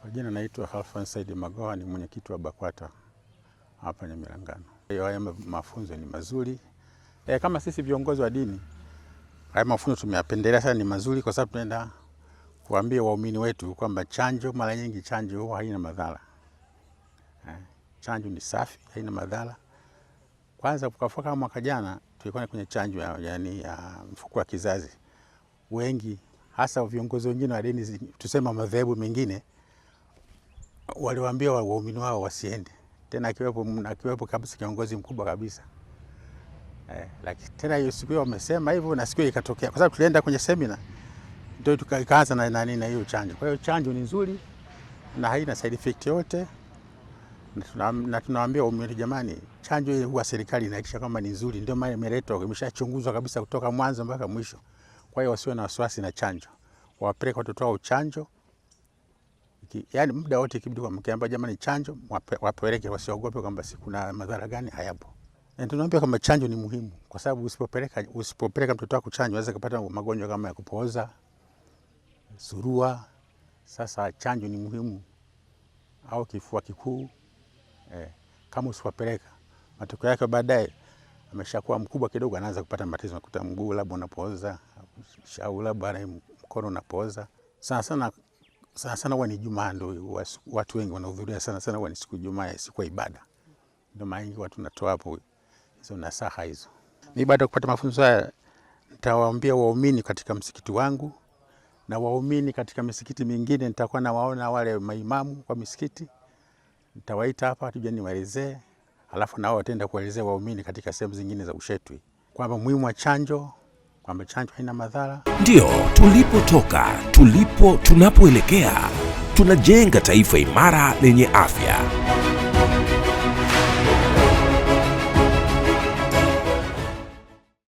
Kwa jina naitwa Halfan Said Magoha, ni mwenyekiti wa BAKWATA hapa Nyamilangano. Hiyo haya mafunzo ni mazuri e, kama sisi viongozi wa dini haya mafunzo tumeyapendelea sana, ni mazuri kwa sababu tunaenda kuambia waumini wetu kwamba chanjo, mara nyingi chanjo huwa haina madhara e, chanjo ni safi, haina madhara. Kwanza kukafua kama mwaka jana tulikuwa kwenye chanjo ya, yani, ya mfuko wa kizazi, wengi hasa viongozi wengine wa dini tuseme madhehebu mengine waliwaambia waumini wao wasiende tena, akiwepo akiwepo kabisa kiongozi mkubwa kabisa eh, lakini tena hiyo siku wamesema hivyo na siku ikatokea, kwa sababu tulienda kwenye semina ndio tukaanza na nani na hiyo chanjo. Kwa hiyo chanjo ni nzuri na haina side effect yote, na tunawaambia waumini, jamani, chanjo ile huwa serikali inahakikisha kwamba ni nzuri, ndio maana imeletwa, imeshachunguzwa kabisa kutoka mwanzo mpaka mwisho. Kwa hiyo wasiwe na wasiwasi na chanjo, wapeleke watoto wao chanjo yani muda wote kibidi kwa wamkiamba jamani, chanjo wapeleke, wasiogope kwamba sikuna madhara gani hayapo. Na tunaambia kwamba chanjo ni muhimu, kwa sababu usipopeleka usipopeleka mtoto wako chanjo anaweza kupata magonjwa kama ya kupooza, surua. Sasa chanjo ni muhimu, au kifua kikuu eh, kama usipopeleka, matokeo yake baadaye ameshakuwa mkubwa kidogo, anaanza kupata matatizo, nakuta mguu labda unapooza, shauri labda mkono unapooza sana sana sana sana huwa ni Jumaa ndo watu wengi wanahudhuria, sana sana huwa ni siku Jumaa, siku ya ibada, ndo maingi watu natoa hapo hizo nasaha hizo. Ni baada ya kupata mafunzo haya nitawaambia waumini katika msikiti wangu na waumini katika misikiti mingine, nitakuwa nawaona wale maimamu kwa misikiti, nitawaita hapa tuje niwaelezee, alafu nao wataenda kuelezea waumini katika sehemu zingine za Ushetwi kwamba muhimu wa chanjo wamechanjwa haina madhara. Ndio tulipotoka, tulipo, tunapoelekea, tunajenga taifa imara lenye afya.